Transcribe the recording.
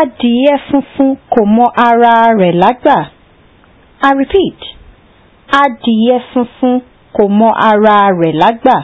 Adìyẹ funfun kò mọ ara rẹ̀ lágbà. I repeat, adìyẹ funfun kò mọ ara rẹ̀ lágbà.